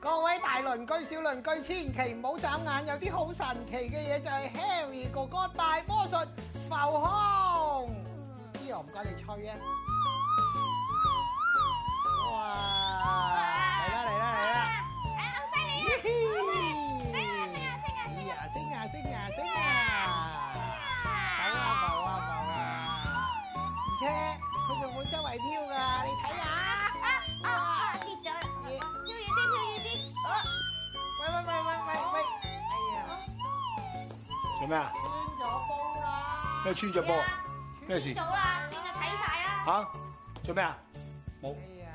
各位大鄰居、小鄰居，千祈唔好眨眼，有啲好神奇嘅嘢就係、是、Harry 哥哥大魔術浮空，啲嘢唔該你吹吖。咩啊？穿咗煲啦！咩穿咗煲？咩事？穿到啦，你就睇晒啊！吓？做咩啊？冇、哎。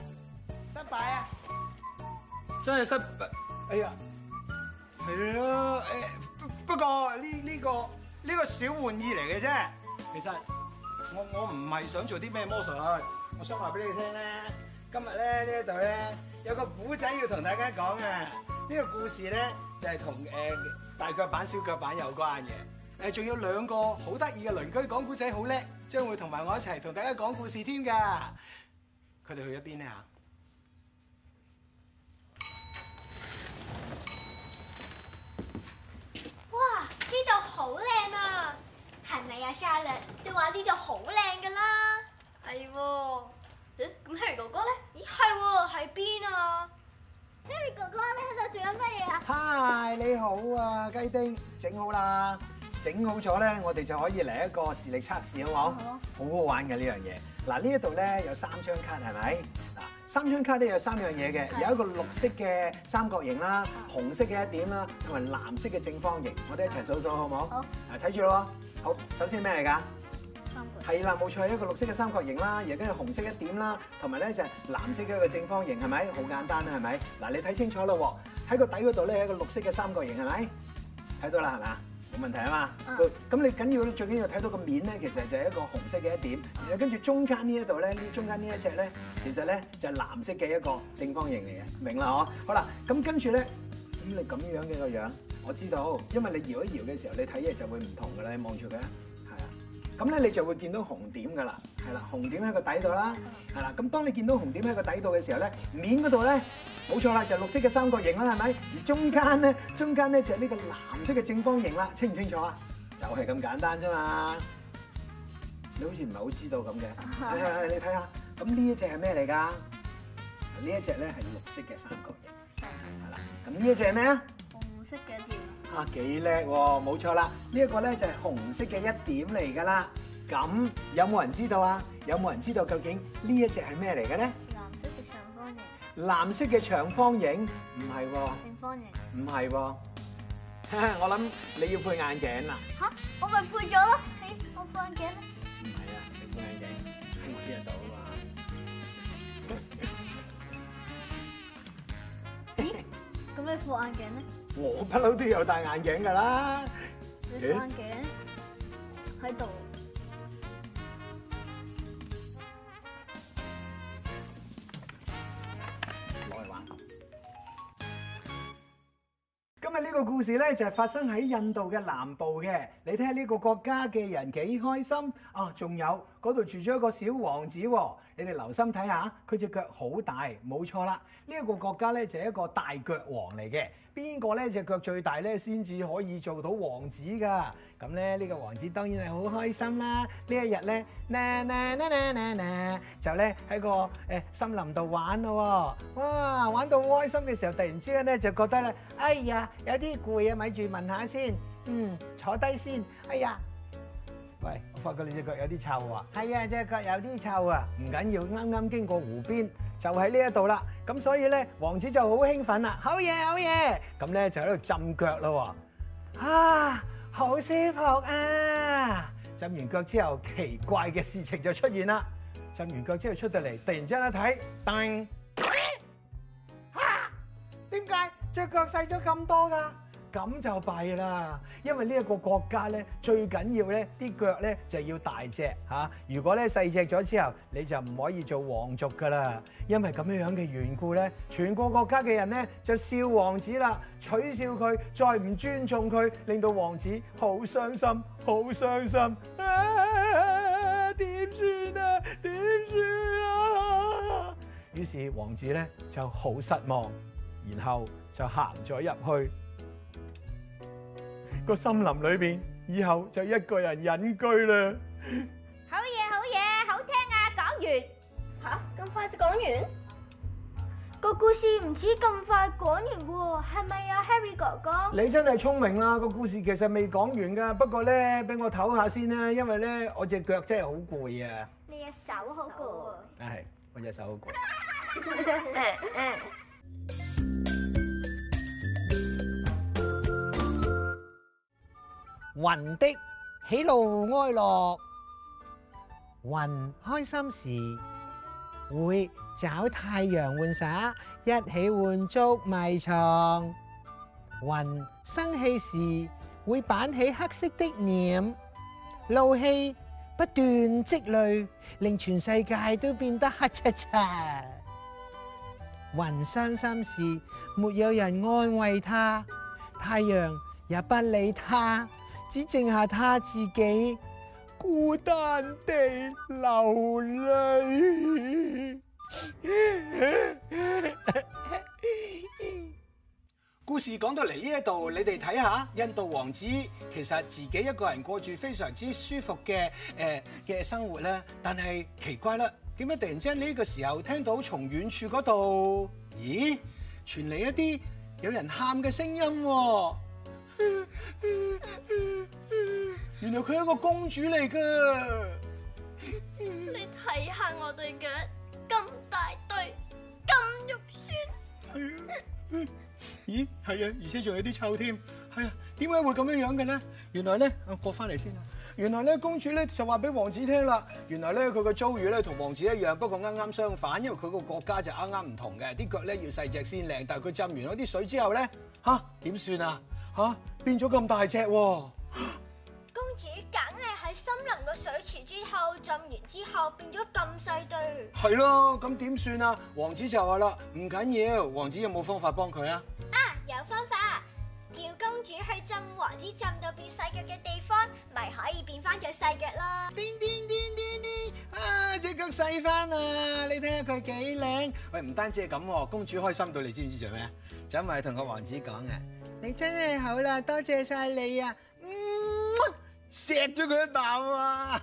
失敗啊！真係失敗。哎呀，係咯。誒，不過呢呢、這個呢、這個這個小玩意嚟嘅啫。其實我我唔係想做啲咩魔術。我想話俾你聽咧，今日咧呢一度咧有個古仔要同大家講嘅，呢個故事咧、這個、就係同誒。呃大腳板、小腳板有關嘅，誒仲有兩個好得意嘅鄰居，講故仔好叻，將會同埋我一齊同大家講故事添㗎。佢哋去咗邊咧？你好啊，雞丁，整好啦，整好咗咧，我哋就可以嚟一個視力測試，好唔好？好。好好玩嘅呢樣嘢。嗱，呢一度咧，有三張卡，係咪？嗱，三張卡都有三樣嘢嘅，有一個綠色嘅三角形啦，紅色嘅一點啦，同埋藍色嘅正方形。我哋一齊數數，好唔好？好。啊，睇住咯。好，首先咩嚟噶？三角形。係啦，冇錯，有一個綠色嘅三角形啦，而家跟住紅色一點啦，同埋咧就係藍色嘅一個正方形，係咪？好簡單啦，係咪？嗱，你睇清楚啦喎。喺個底嗰度咧，係一個綠色嘅三角形係咪？睇到啦，係咪？冇問題啊嘛。咁你緊要咧，最緊要睇到個面咧，其實就係一個紅色嘅一點。然後跟住中間呢一度咧，呢中間呢一隻咧，其實咧就係藍色嘅一個正方形嚟嘅，明啦哦。好啦，咁跟住咧，咁你咁樣嘅個樣，我知道，因為你搖一搖嘅時候，你睇嘢就會唔同噶啦。你望住佢啊，係啊。咁咧你就會見到紅點噶啦，係啦。紅點喺個底度啦，係啦。咁當你見到紅點喺個底度嘅時候咧，面嗰度咧。冇錯啦，就係綠色嘅三角形啦，係咪？而中間咧，中間咧就係呢個藍色嘅正方形啦，清唔清楚啊？就係咁簡單啫嘛。你好似唔係好知道咁嘅，你睇下。咁呢一隻係咩嚟噶？呢一隻咧係綠色嘅三角形。係啦，咁呢一隻係咩啊？這個，紅色嘅點。啊，幾叻喎！冇錯啦，呢一個咧就係紅色嘅一點嚟噶啦。咁有冇人知道啊？有冇人知道究竟呢一隻係咩嚟嘅咧？藍色嘅長方形唔係喎，正方形唔係喎，我諗你要配眼鏡啦。嚇，我咪配咗咯，你副眼鏡咧？唔係啊，你副眼鏡，喺我呢度啊嘛。咦？咁你副眼鏡咧？我不嬲都有戴眼鏡㗎啦。你副眼鏡喺度。事咧就係、是、發生喺印度嘅南部嘅，你睇下呢個國家嘅人幾開心啊！仲、啊、有嗰度住咗一個小王子、哦，你哋留心睇下，佢隻腳好大，冇錯啦！呢、這、一個國家咧就係、是、一個大腳王嚟嘅。邊個咧隻腳最大咧，先至可以做到王子㗎？咁咧呢、這個王子當然係好開心啦！一呢一日咧，就咧喺個誒、欸、森林度玩咯喎、哦！哇，玩到好開心嘅時候，突然之間咧就覺得咧，哎呀，有啲攰啊，咪住問下先，嗯，坐低先。哎呀，喂，我發覺你隻腳有啲臭啊。係啊，隻腳有啲臭啊，唔緊要，啱啱、啊、經過湖邊。就喺呢一度啦，咁所以咧王子就好興奮啦，好嘢好嘢，咁咧就喺度浸腳咯喎，啊好舒服啊！浸完腳之後奇怪嘅事情就出現啦，浸完腳之後出到嚟，突然之間一睇，頂！啊！點解隻腳細咗咁多㗎？咁就弊啦，因為呢一個國家咧，最緊要咧啲腳咧就要大隻嚇、啊。如果咧細隻細隻咗之後，你就唔可以做皇族㗎喇。因為咁樣樣嘅緣故咧，全個國,國家嘅人咧就笑王子啦，取笑佢，再唔尊重佢，令到王子好傷心，好傷心。點、啊、算啊？點算啊？於是王子咧就好失望，然後就行咗入去。個森林裏邊，以後就一個人隱居啦。好嘢好嘢，好聽啊！講完，吓，咁快就講完？個故事唔似咁快講完喎，係咪啊，Harry 哥哥？你真係聰明啦！個故事其實未講完噶，不過咧，俾我唞下先啦，因為咧我隻腳真係好攰啊。你隻手好攰。啊係，我隻手好攰。雲的喜怒哀樂，雲開心時會找太陽玩耍，一起玩捉迷藏。雲生氣時會板起黑色的臉，怒氣不斷積累，令全世界都變得黑漆漆。雲傷心時沒有人安慰他，太陽也不理他。只剩下他自己，孤單地流淚。 故事講到嚟呢一度，你哋睇下，印度王子其實自己一個人過住非常之舒服嘅誒嘅生活咧。但係奇怪啦，點解突然之間呢個時候聽到從遠處嗰度，咦，傳嚟一啲有人喊嘅聲音喎？原來佢係一個公主嚟噶。你睇下我對腳咁大對，咁肉酸，係啊。咦，係啊，而且仲有啲臭添，係啊。點解會咁樣樣嘅咧？原來咧，我過翻嚟先啦。原來咧，公主咧就話俾王子聽啦。原來咧，佢嘅遭遇咧同王子一樣，不過啱啱相反，因為佢個國家就啱啱唔同嘅。啲腳咧要細隻先靚，但係佢浸完嗰啲水之後咧，吓，點算啊？吓、啊、變咗咁大隻、啊，公主梗係喺森林個水池之後浸完之後變咗咁細對。係咯、啊，咁點算啊？王子就話啦，唔緊要。王子有冇方法幫佢啊？啊，有方法、啊，叫公主去浸王子浸到變細腳嘅地方，咪可以變翻做細腳咯。細翻啊！你睇下佢幾靚，喂唔單止係咁、啊，公主開心到你知唔知做咩啊？就因為同個王子講嘅，嗯、你真係好啦、啊，多謝晒你啊，嗯，錫咗佢一啖啊，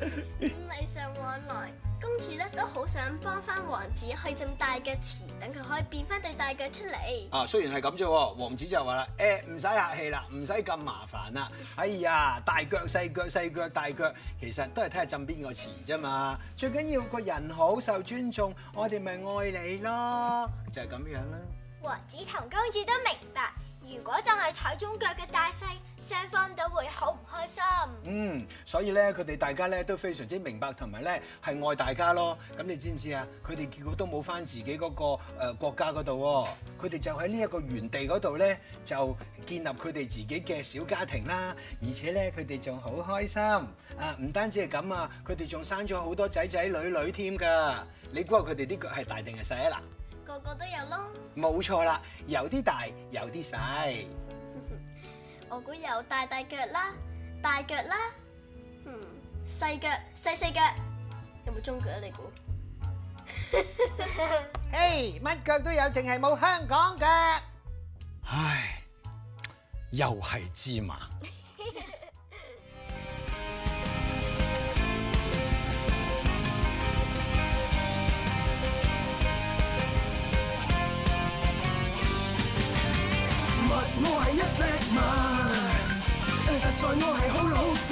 咁禮尚往來。公主咧都好想幫翻王子去浸大腳池，等佢可以變翻對大腳出嚟。啊，雖然係咁啫，王子就話啦，誒、欸，唔使客氣啦，唔使咁麻煩啦。哎呀，大腳細腳細腳大腳，其實都係睇下浸邊個池啫嘛。最緊要個人好受尊重，我哋咪愛你咯，就係、是、咁樣啦。王子同公主都明白。如果就係睇中腳嘅大細，雙方都會好唔開心。嗯，所以咧，佢哋大家咧都非常之明白同埋咧係愛大家咯。咁你知唔知啊？佢哋結果都冇返自己嗰、嗰個誒、呃、國家嗰度、哦，佢哋就喺呢一個原地嗰度咧就建立佢哋自己嘅小家庭啦。而且咧，佢哋仲好開心啊！唔單止係咁啊，佢哋仲生咗好多仔仔女女添㗎。你估下佢哋啲腳係大定係細啊？個個都有咯，冇錯啦，有啲大，有啲細。 我估有大大腳啦，大腳啦，嗯，細腳，細細腳，有冇中腳啊？你估？嘿，乜腳都有，淨係冇香港腳。唉，又係芝麻。 在我係好老。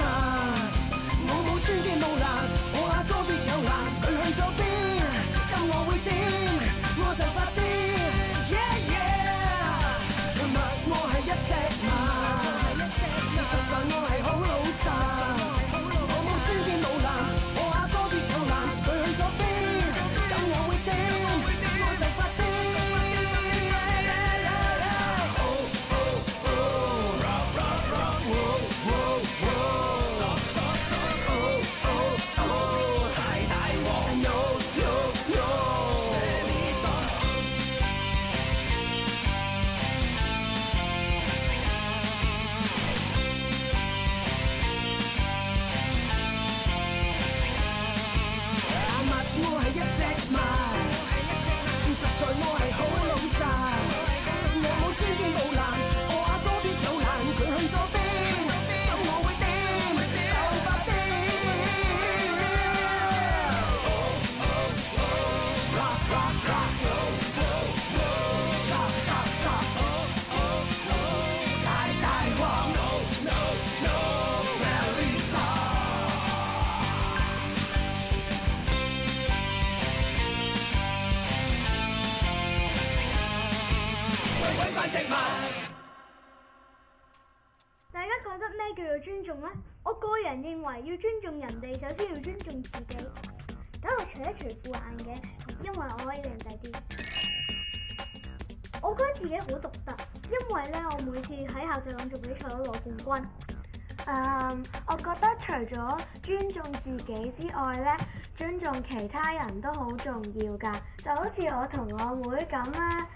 要尊重人哋，首先要尊重自己。等我除一除副眼鏡，因為我可以靚仔啲。 我覺得自己好獨特，因為咧我每次喺校際朗誦比賽都攞冠軍。Um, 我覺得除咗尊重自己之外咧，尊重其他人都好重要噶。就好似我同我妹咁啦，啊，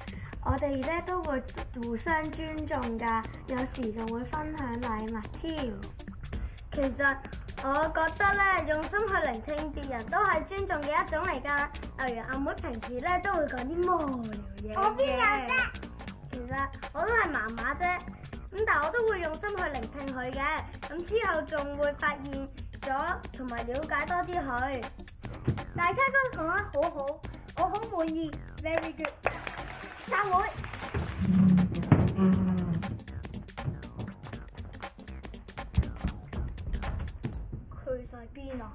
我哋咧都會互相尊重噶，有時仲會分享禮物添。其實。我覺得咧，用心去聆聽別人都係尊重嘅一種嚟噶。例如阿妹平時咧都會講啲無聊嘢。我邊有啫？其實我都係麻麻啫。咁但係我都會用心去聆聽佢嘅，咁之後仲會發現咗同埋了解多啲佢。大家都講得好好，我好滿意，Very good，散會。在邊啊？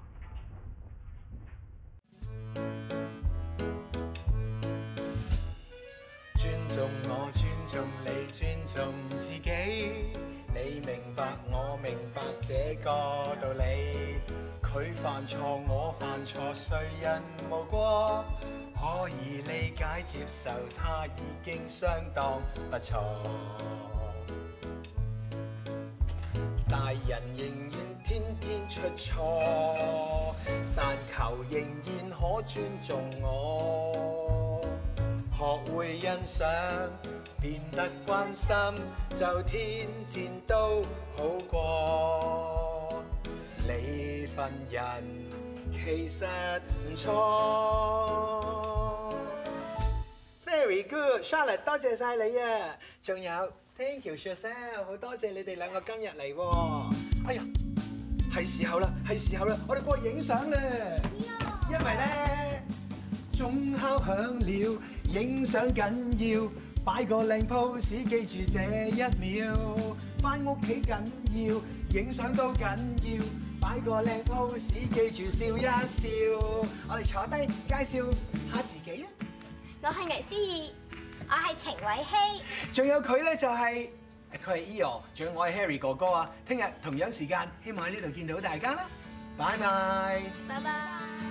尊重我，尊重你，尊重自己。你明白我，我明白這個道理。佢犯錯，我犯錯，誰人無過？可以理解接受，他已經相當不錯。大人仍然，天天出錯，但求仍然可尊重我。學會欣賞，變得關心，就天天都好過。你份人其實唔錯。Very good，Charlotte，多謝晒你啊！仲有，Thank you，Shirley，好多謝你哋兩個今日嚟喎。哎呀！係時候啦，係時候啦，我哋過去影相啦。因為咧，鐘敲響了，影相緊要，擺個靚 pose，記住這一秒。翻屋企緊要，影相都緊要，擺個靚 pose，記住笑一笑。我哋坐低介紹下自己啦。我係倪思怡，我係程偉希，仲有佢咧就係。佢係 Eo，仲有我係 Harry 哥哥啊！聽日同樣時間，希望喺呢度見到大家啦！拜拜，拜拜。